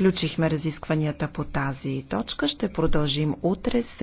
Приключихме разискванията по тази точка. Ще продължим утре.